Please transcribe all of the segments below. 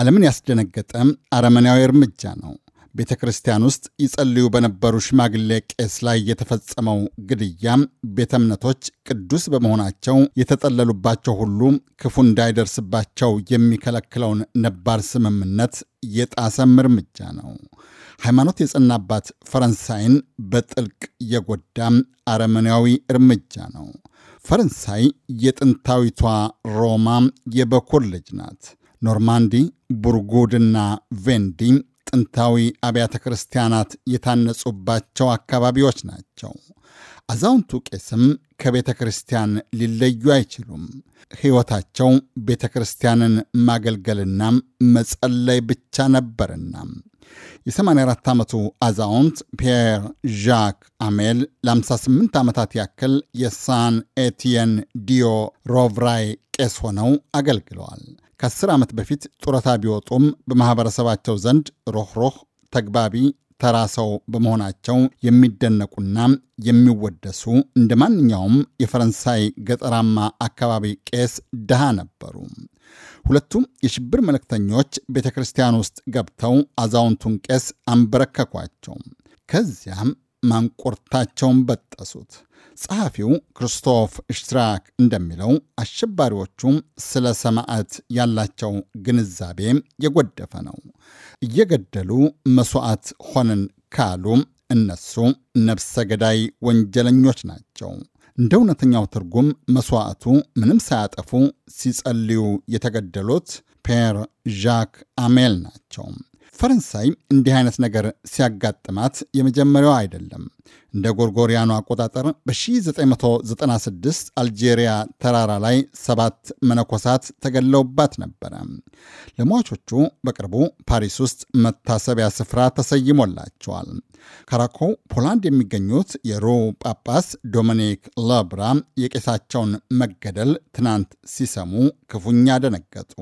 ዓለምን ያስደነገጠ አረመናዊ እርምጃ ነው። ቤተ ክርስቲያን ውስጥ ይጸልዩ በነበሩ ሽማግሌ ቄስ ላይ የተፈጸመው ግድያም ቤተ እምነቶች ቅዱስ በመሆናቸው የተጠለሉባቸው ሁሉ ክፉ እንዳይደርስባቸው የሚከለክለውን ነባር ስምምነት የጣሰም እርምጃ ነው። ሃይማኖት የጸናባት ፈረንሳይን በጥልቅ የጎዳም አረመናዊ እርምጃ ነው። ፈረንሳይ የጥንታዊቷ ሮማ የበኩር ልጅ ናት። ኖርማንዲ ቡርጉድና ቬንዲ ጥንታዊ አብያተ ክርስቲያናት የታነጹባቸው አካባቢዎች ናቸው። አዛውንቱ ቄስም ከቤተ ክርስቲያን ሊለዩ አይችሉም። ሕይወታቸው ቤተ ክርስቲያንን ማገልገልና መጸለይ ብቻ ነበርና የ84 ዓመቱ አዛውንት ፒየር ዣክ አሜል ለ58 ዓመታት ያክል የሳን ኤቲየን ዲዮ ሮቭራይ ቄስ ሆነው አገልግለዋል። ከአስር ዓመት በፊት ጡረታ ቢወጡም በማኅበረሰባቸው ዘንድ ሮኅሮኅ ተግባቢ ተራ ሰው በመሆናቸው የሚደነቁና የሚወደሱ እንደ ማንኛውም የፈረንሳይ ገጠራማ አካባቢ ቄስ ድሃ ነበሩ። ሁለቱም የሽብር መልእክተኞች ቤተ ክርስቲያን ውስጥ ገብተው አዛውንቱን ቄስ አንበረከኳቸው። ከዚያም ማንቆርታቸውን በጠሱት። ጸሐፊው ክርስቶፍ ሽትራክ እንደሚለው አሸባሪዎቹም ስለ ሰማዕት ያላቸው ግንዛቤ የጎደፈ ነው። እየገደሉ መሥዋዕት ሆንን ካሉ እነሱ ነፍሰ ገዳይ ወንጀለኞች ናቸው። እንደ እውነተኛው ትርጉም መሥዋዕቱ ምንም ሳያጠፉ ሲጸልዩ የተገደሉት ፔር ዣክ አሜል ናቸው። ፈረንሳይ እንዲህ አይነት ነገር ሲያጋጥማት የመጀመሪያው አይደለም። እንደ ጎርጎሪያኑ አቆጣጠር በ1996 አልጄሪያ ተራራ ላይ ሰባት መነኮሳት ተገለውባት ነበረ። ለሟቾቹ በቅርቡ ፓሪስ ውስጥ መታሰቢያ ስፍራ ተሰይሞላቸዋል። ካራኮው ፖላንድ የሚገኙት የሮ ጳጳስ ዶሚኒክ ለብራ የቄሳቸውን መገደል ትናንት ሲሰሙ ክፉኛ ደነገጡ።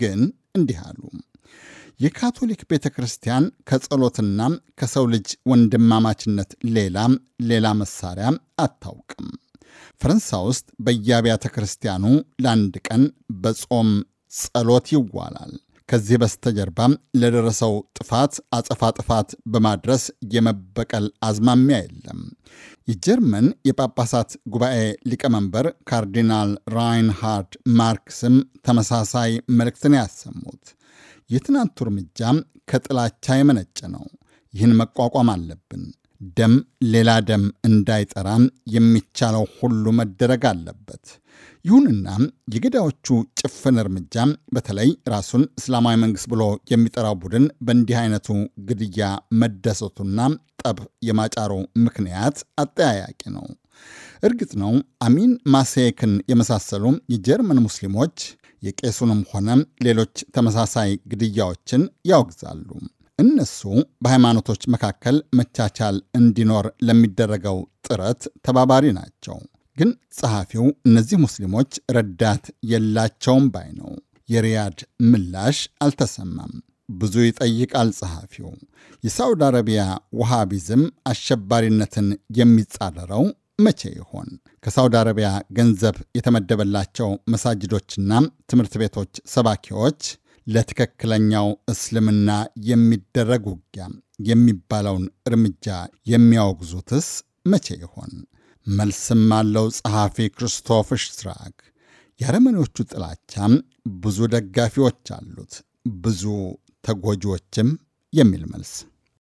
ግን እንዲህ አሉ። የካቶሊክ ቤተ ክርስቲያን ከጸሎትና ከሰው ልጅ ወንድማማችነት ሌላ ሌላ መሳሪያ አታውቅም። ፈረንሳይ ውስጥ በየአብያተ ክርስቲያኑ ለአንድ ቀን በጾም ጸሎት ይዋላል። ከዚህ በስተጀርባ ለደረሰው ጥፋት አጸፋ ጥፋት በማድረስ የመበቀል አዝማሚያ የለም። የጀርመን የጳጳሳት ጉባኤ ሊቀመንበር ካርዲናል ራይንሃርድ ማርክስም ተመሳሳይ መልእክትን ያሰሙት የትናንቱ እርምጃም ከጥላቻ የመነጨ ነው። ይህን መቋቋም አለብን። ደም ሌላ ደም እንዳይጠራም የሚቻለው ሁሉ መደረግ አለበት። ይሁንና የገዳዮቹ ጭፍን እርምጃ በተለይ ራሱን እስላማዊ መንግስት ብሎ የሚጠራው ቡድን በእንዲህ አይነቱ ግድያ መደሰቱና ጠብ የማጫሩ ምክንያት አጠያያቂ ነው። እርግጥ ነው አሚን ማሴክን የመሳሰሉ የጀርመን ሙስሊሞች የቄሱንም ሆነ ሌሎች ተመሳሳይ ግድያዎችን ያወግዛሉ። እነሱ በሃይማኖቶች መካከል መቻቻል እንዲኖር ለሚደረገው ጥረት ተባባሪ ናቸው። ግን ጸሐፊው እነዚህ ሙስሊሞች ረዳት የላቸውም ባይ ነው። የሪያድ ምላሽ አልተሰማም። ብዙ ይጠይቃል ጸሐፊው። የሳውዲ አረቢያ ውሃቢዝም አሸባሪነትን የሚጻረረው መቼ ይሆን? ከሳውዲ አረቢያ ገንዘብ የተመደበላቸው መሳጅዶችና ትምህርት ቤቶች ሰባኪዎች ለትክክለኛው እስልምና የሚደረግ ውጊያ የሚባለውን እርምጃ የሚያወግዙትስ መቼ ይሆን? መልስም አለው ጸሐፊ ክርስቶፍ ሽትራክ። የአረመኔዎቹ ጥላቻ ብዙ ደጋፊዎች አሉት፣ ብዙ ተጎጂዎችም የሚል መልስ